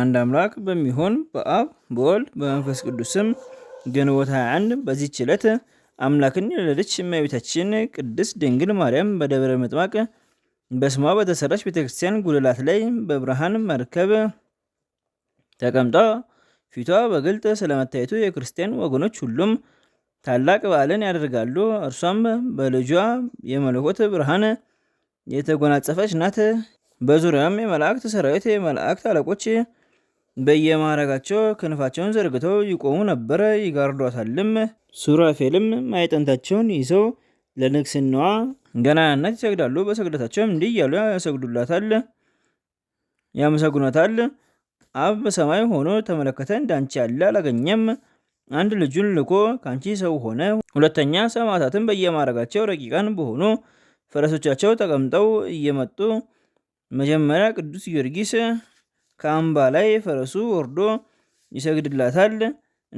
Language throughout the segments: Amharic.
አንድ አምላክ በሚሆን በአብ በወልድ በመንፈስ ቅዱስ ስም ግንቦት 21 በዚች ዕለት አምላክን የወለደች እመቤታችን ቅድስት ድንግል ማርያም በደብረ ምጥማቅ በስሟ በተሰራች ቤተክርስቲያን ጉልላት ላይ በብርሃን መርከብ ተቀምጣ ፊቷ በግልጥ ስለመታየቱ የክርስቲያን ወገኖች ሁሉም ታላቅ በዓልን ያደርጋሉ። እርሷም በልጇ የመለኮት ብርሃን የተጎናጸፈች ናት። በዙሪያም የመላእክት ሰራዊት፣ የመላእክት አለቆች በየማዕረጋቸው ክንፋቸውን ዘርግተው ይቆሙ ነበር፣ ይጋርዷታልም። ሱራፌልም ማዕጠንታቸውን ይዘው ለንግስናዋ ገናናነት ይሰግዳሉ። በስግደታቸውም እንዲህ እያሉ ያሰግዱላታል፣ ያመሰግኗታል። አብ በሰማይ ሆኖ ተመለከተ፣ እንዳንቺ ያለ አላገኘም። አንድ ልጁን ልኮ ከአንቺ ሰው ሆነ። ሁለተኛ ሰማዕታትን በየማዕረጋቸው ረቂቃን በሆኑ ፈረሶቻቸው ተቀምጠው እየመጡ መጀመሪያ ቅዱስ ጊዮርጊስ ከአምባ ላይ ፈረሱ ወርዶ ይሰግድላታል።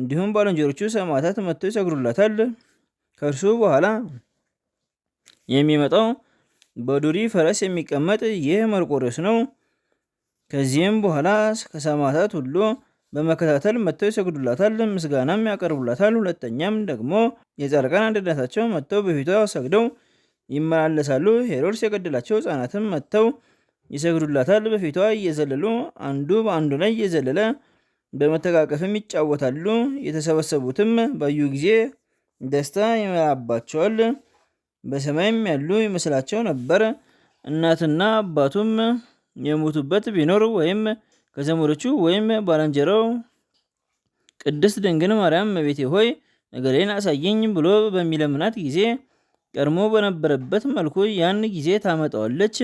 እንዲሁም ባልንጀሮቹ ሰማዕታት መጥተው ይሰግዱላታል። ከእርሱ በኋላ የሚመጣው በዱሪ ፈረስ የሚቀመጥ ይህ መርቆሬዎስ ነው። ከዚህም በኋላ ከሰማዕታት ሁሉ በመከታተል መጥተው ይሰግዱላታል፣ ምስጋናም ያቀርቡላታል። ሁለተኛም ደግሞ የጻድቃን አንድነታቸው መጥተው በፊቷ ሰግደው ይመላለሳሉ። ሄሮድስ የገደላቸው ሕፃናትም መጥተው ይሰግዱላታል። በፊቷ እየዘለሉ አንዱ በአንዱ ላይ እየዘለለ በመተቃቀፍም ይጫወታሉ። የተሰበሰቡትም ባዩ ጊዜ ደስታ ይመላባቸዋል። በሰማይም ያሉ ይመስላቸው ነበር። እናትና አባቱም የሞቱበት ቢኖር ወይም ከዘመዶቹ ወይም ባልንጀራው ቅድስት ድንግል ማርያም እመቤቴ ሆይ እገሌን አሳየኝ ብሎ በሚለምናት ጊዜ ቀድሞ በነበረበት መልኩ ያን ጊዜ ታመጣዋለች።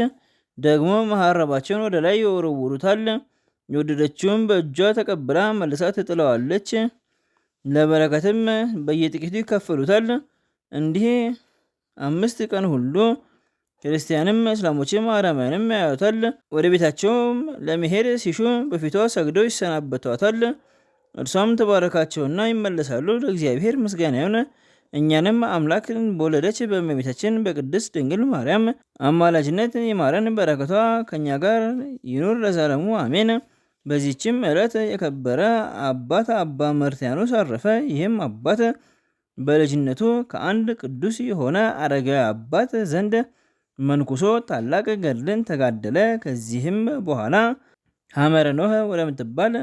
ደግሞ መሐረባቸውን ወደ ላይ ይወረውሩታል። የወደደችውን በእጇ ተቀብላ መልሳ ትጥለዋለች። ለበረከትም በየጥቂቱ ይከፈሉታል። እንዲህ አምስት ቀን ሁሉ ክርስቲያንም እስላሞችም አረማያንም ያዩታል። ወደ ቤታቸውም ለመሄድ ሲሹ በፊቷ ሰግደው ይሰናበቷታል። እርሷም ተባረካቸውና ይመለሳሉ። ለእግዚአብሔር ምስጋና ይሁን። እኛንም አምላክን በወለደች በእመቤታችን በቅድስት ድንግል ማርያም አማላጅነት የማረን በረከቷ ከእኛ ጋር ይኑር ለዘላለሙ አሜን። በዚህችም ዕለት የከበረ አባት አባ መርትያኖስ አረፈ። ይህም አባት በልጅነቱ ከአንድ ቅዱስ የሆነ አረጋዊ አባት ዘንድ መንኩሶ ታላቅ ገድልን ተጋደለ። ከዚህም በኋላ ሐመረ ኖህ ወደምትባል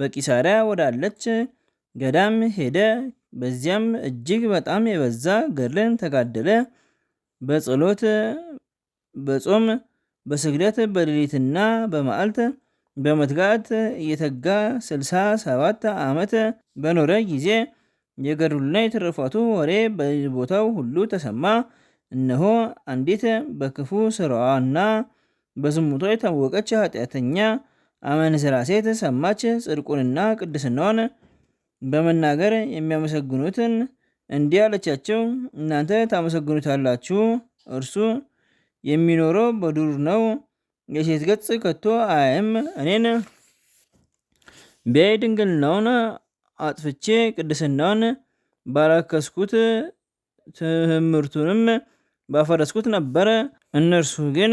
በቂሳሪያ ወዳለች ገዳም ሄደ። በዚያም እጅግ በጣም የበዛ ገድልን ተጋደለ። በጸሎት በጾም በስግደት በሌሊትና በመዓልት በመትጋት እየተጋ ስልሳ ሰባት ዓመት በኖረ ጊዜ የገድሉና የትሩፋቱ ወሬ በቦታው ሁሉ ተሰማ። እነሆ አንዲት በክፉ ስራዋና በዝሙቷ የታወቀች ኃጢአተኛ አመንዝራ ሴት ሰማች። ጽድቁንና ቅድስናዋን በመናገር የሚያመሰግኑትን እንዲህ አለቻቸው፣ እናንተ ታመሰግኑታላችሁ፣ እርሱ የሚኖረው በዱር ነው። የሴት ገጽ ከቶ አያይም። እኔን ቢያይ ድንግልናውን አጥፍቼ ቅድስናውን ባላከስኩት ትምህርቱንም ባፈረስኩት ነበረ። እነርሱ ግን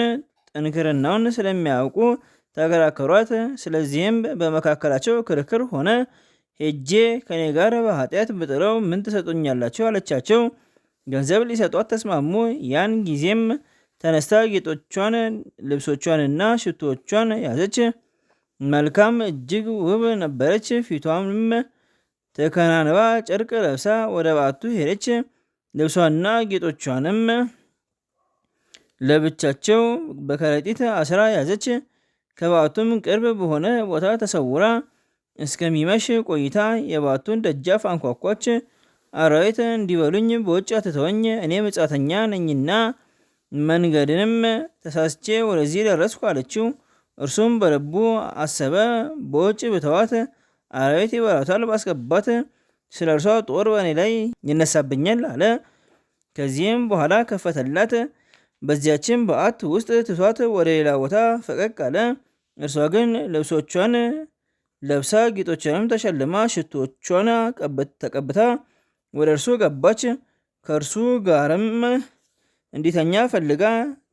ጥንክርናውን ስለሚያውቁ ተከራከሯት። ስለዚህም በመካከላቸው ክርክር ሆነ። ሄጄ ከኔ ጋር በኃጢአት ብጥለው ምን ትሰጡኛላችሁ? አለቻቸው። ገንዘብ ሊሰጧት ተስማሙ። ያን ጊዜም ተነስታ ጌጦቿን፣ ልብሶቿንና ሽቶዎቿን ያዘች። መልካም እጅግ ውብ ነበረች። ፊቷም ተከናንባ ጨርቅ ለብሳ ወደ በዓቱ ሄደች። ልብሷና ጌጦቿንም ለብቻቸው በከረጢት አስራ ያዘች። ከበዓቱም ቅርብ በሆነ ቦታ ተሰውራ እስከሚመሽ ቆይታ የባቱን ደጃፍ አንኳኳች። አራዊት እንዲበሉኝ በውጭ አትተወኝ፣ እኔ መጻተኛ ነኝና መንገድንም ተሳስቼ ወደዚህ ደረስኩ አለችው። እርሱም በልቡ አሰበ፣ በውጭ ብተዋት አራዊት ይበላታል፣ ባስገባት ስለ እርሷ ጦር በእኔ ላይ ይነሳብኛል አለ። ከዚህም በኋላ ከፈተላት። በዚያችን በዓት ውስጥ ትቷት ወደ ሌላ ቦታ ፈቀቅ አለ። እርሷ ግን ልብሶቿን ለብሳ ጌጦችንም ተሸልማ ሽቶቿን ተቀብታ ወደ እርሱ ገባች። ከእርሱ ጋርም እንዲተኛ ፈልጋ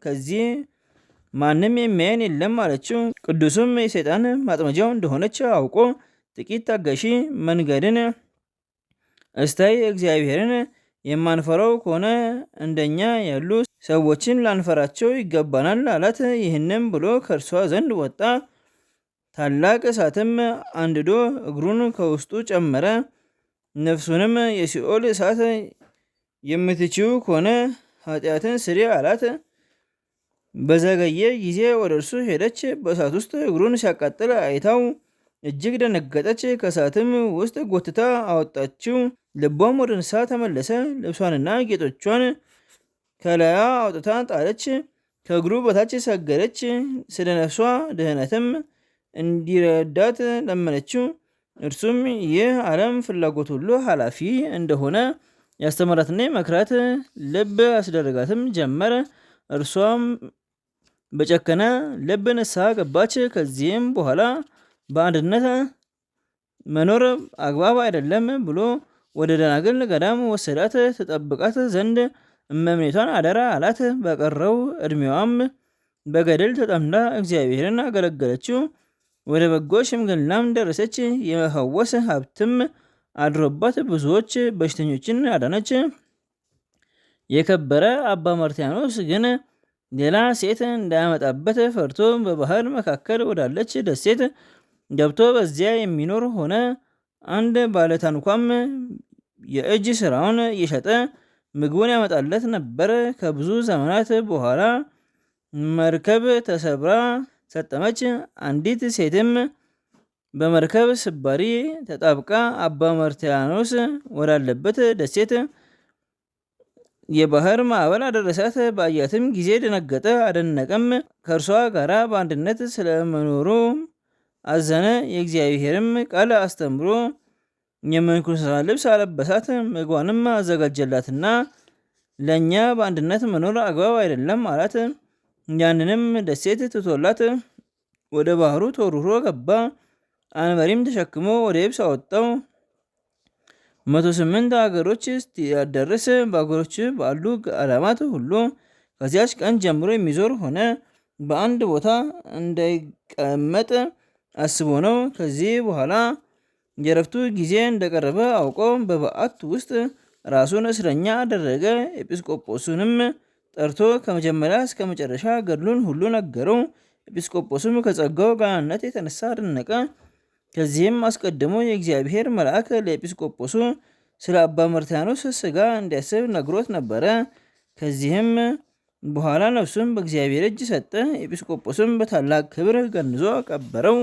ከዚህ ማንም የሚያይን የለም አለችው። ቅዱሱም የሰይጣን ማጥመጃው እንደሆነች አውቆ ጥቂት ታገሺ፣ መንገድን እስታይ፣ እግዚአብሔርን የማንፈራው ከሆነ እንደኛ ያሉ ሰዎችን ላንፈራቸው ይገባናል አላት። ይህንም ብሎ ከእርሷ ዘንድ ወጣ። ታላቅ እሳትም አንድዶ እግሩን ከውስጡ ጨመረ። ነፍሱንም የሲኦል እሳት የምትችው ከሆነ ኃጢአትን ስሪ አላት። በዘገየ ጊዜ ወደ እርሱ ሄደች። በእሳት ውስጥ እግሩን ሲያቃጥል አይታው እጅግ ደነገጠች። ከእሳትም ውስጥ ጎትታ አወጣችው። ልቧም ወደ ንስሐ ተመለሰ። ልብሷንና ጌጦቿን ከላያ አውጥታ ጣለች። ከእግሩ በታች ሰገደች። ስለ ነፍሷ ድህነትም እንዲረዳት ለመነችው። እርሱም ይህ ዓለም ፍላጎት ሁሉ ኃላፊ እንደሆነ ያስተምራትና መክራት ልብ አስደረጋትም ጀመር። እርሷም በጨከነ ልብ ንስሐ ገባች። ከዚህም በኋላ በአንድነት መኖር አግባብ አይደለም ብሎ ወደ ደናግል ገዳም ወሰዳት። ተጠብቃት ዘንድ እመምኔቷን አደራ አላት። በቀረው እድሜዋም በገድል ተጠምዳ እግዚአብሔርን አገለገለችው። ወደ በጎ ሽምግልናም ደረሰች። የመፈወስ ሀብትም አድሮባት ብዙዎች በሽተኞችን አዳነች። የከበረ አባ መርትያኖስ ግን ሌላ ሴት እንዳያመጣበት ፈርቶ በባህር መካከል ወዳለች ደሴት ገብቶ በዚያ የሚኖር ሆነ። አንድ ባለታንኳም የእጅ ስራውን እየሸጠ ምግቡን ያመጣለት ነበር። ከብዙ ዘመናት በኋላ መርከብ ተሰብራ ሰጠመች። አንዲት ሴትም በመርከብ ስባሪ ተጣብቃ አባ መርትያኖስ ወዳለበት ደሴት የባህር ማዕበል አደረሳት። በአያትም ጊዜ ደነገጠ፣ አደነቀም። ከእርሷ ጋር በአንድነት ስለመኖሩ አዘነ። የእግዚአብሔርም ቃል አስተምሮ የመንኩሳ ልብስ አለበሳት። ምግቧንም አዘጋጀላትና ለእኛ በአንድነት መኖር አግባብ አይደለም አላት። ያንንም ደሴት ትቶላት ወደ ባህሩ ተሩሮ ገባ። አንበሪም ተሸክሞ ወደ የብስ አወጣው። መቶ ስምንት ሀገሮች እስኪያደርስ በሀገሮች ባሉ አላማት ሁሉ ከዚያች ቀን ጀምሮ የሚዞር ሆነ። በአንድ ቦታ እንዳይቀመጥ አስቦ ነው። ከዚህ በኋላ የረፍቱ ጊዜ እንደቀረበ አውቆ በበዓት ውስጥ ራሱን እስረኛ አደረገ። ኤጲስቆጶሱንም ጠርቶ ከመጀመሪያ እስከ መጨረሻ ገድሉን ሁሉ ነገረው። ኤጲስቆጶስም ከጸጋው ጋናነት የተነሳ አደነቀ። ከዚህም አስቀድሞ የእግዚአብሔር መልአክ ለኤጲስቆጶሱ ስለ አባ መርትያኖስ ስጋ እንዲያስብ ነግሮት ነበረ። ከዚህም በኋላ ነፍሱን በእግዚአብሔር እጅ ሰጠ። ኤጲስቆጶስም በታላቅ ክብር ገንዞ ቀበረው።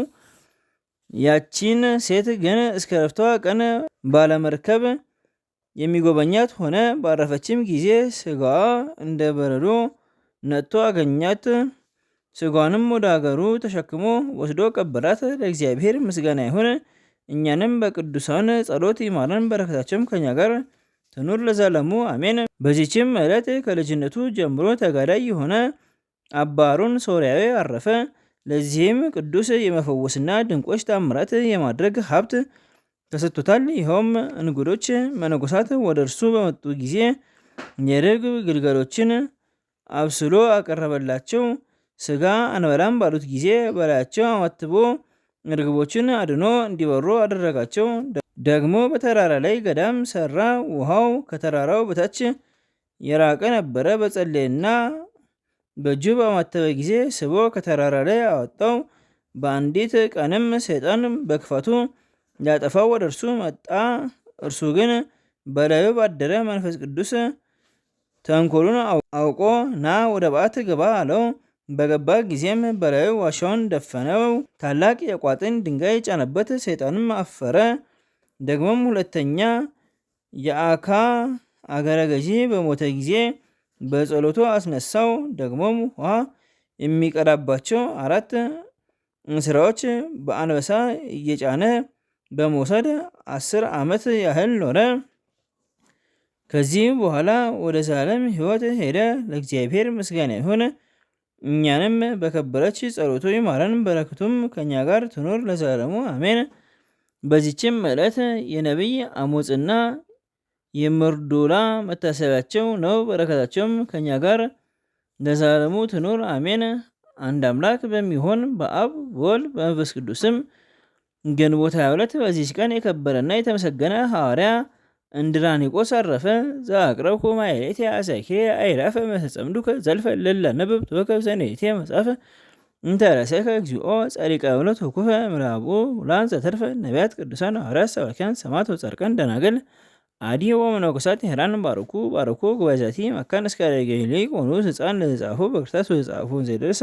ያቺን ሴት ግን እስከ ረፍቷ ቀን ባለመርከብ የሚጎበኛት ሆነ። ባረፈችም ጊዜ ስጋ እንደ በረዶ ነጥቶ አገኛት። ሥጋዋንም ወደ አገሩ ተሸክሞ ወስዶ ቀበራት። ለእግዚአብሔር ምስጋና ይሁን፣ እኛንም በቅዱሳን ጸሎት ይማረን፣ በረከታቸውም ከኛ ጋር ትኑር ለዘለሙ አሜን። በዚችም ዕለት ከልጅነቱ ጀምሮ ተጋዳይ የሆነ አባሩን ሶርያዊ አረፈ። ለዚህም ቅዱስ የመፈወስና ድንቆች ታምራት የማድረግ ሀብት ተሰጥቶታል። ይኸውም እንግዶች መነኮሳት ወደ እርሱ በመጡ ጊዜ የርግ ግልገሎችን አብስሎ አቀረበላቸው። ስጋ አንበላም ባሉት ጊዜ በላያቸው አማትቦ ርግቦችን አድኖ እንዲበሩ አደረጋቸው። ደግሞ በተራራ ላይ ገዳም ሰራ። ውሃው ከተራራው በታች የራቀ ነበረ። በጸለይና በእጁ በማተበ ጊዜ ስቦ ከተራራ ላይ አወጣው። በአንዲት ቀንም ሰይጣን በክፋቱ ሊያጠፋው ወደ እርሱ መጣ። እርሱ ግን በላዩ ባደረ መንፈስ ቅዱስ ተንኮሉን አውቆ ና ወደ በዓት ግባ አለው። በገባ ጊዜም በላዩ ዋሻውን ደፈነው፣ ታላቅ የቋጥኝ ድንጋይ ጫነበት። ሰይጣንም አፈረ። ደግሞም ሁለተኛ የአካ አገረ ገዢ በሞተ ጊዜ በጸሎቱ አስነሳው። ደግሞም ውሃ የሚቀዳባቸው አራት እንስራዎች በአንበሳ እየጫነ በመውሰድ አስር ዓመት ያህል ኖረ። ከዚህ በኋላ ወደ ዘላለም ሕይወት ሄደ። ለእግዚአብሔር ምስጋና ይሁን፣ እኛንም በከበረች ጸሎቱ ይማረን፣ በረከቱም ከእኛ ጋር ትኑር ለዘላለሙ አሜን። በዚችም ዕለት የነቢይ አሞጽና የመርዶላ መታሰቢያቸው ነው። በረከታቸውም ከእኛ ጋር ለዘላለሙ ትኑር አሜን። አንድ አምላክ በሚሆን በአብ በወልድ በመንፈስ ቅዱስም ግንቦት 22 በዚች ቀን የከበረና የተመሰገነ ሐዋርያ እንድራኒቆስ አረፈ። ዘአቅረብኩ ማኅሌተ አሴኬ አይላፈ መተጸምዱከ ዘልፈ እለ ንብብ ትወከብ መጻፈ መጽሐፈ እንተረሰከ እግዚኦ ጸሪቀ ብሎት ወኩፈ ምራብኡ ሙላን ዘተርፈ ነቢያት፣ ቅዱሳን ሐዋርያት፣ ሰባኪያን፣ ሰማዕት ወጻድቃን፣ ደናግል አዲ ወመነኮሳት ሄራን ባርኩ ባረኩ ጉባኤ ዛቲ መካን እስከ ገሊሊ ቆኑ ህፃን ለዘጻፉ በክርታስ ዝጻፉ ዘይደርሰ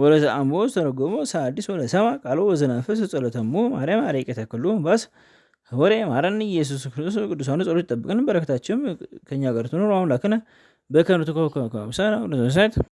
ወለዘአምቦ ዝተረጎሞ ሳዲስ ወለ ሰማ ቃሎ ወዘናፍስ ጸሎተሙ ማርያም አርቄ ተክሉ ባስ ወሬ ማረን ኢየሱስ ክርስቶስ ቅዱሳኑ ጸሎት ይጠብቅን። በረከታችም ከኛ ጋር ትኑር አምላክነ በከኑ በከንቱ ኮከብ አምሳለ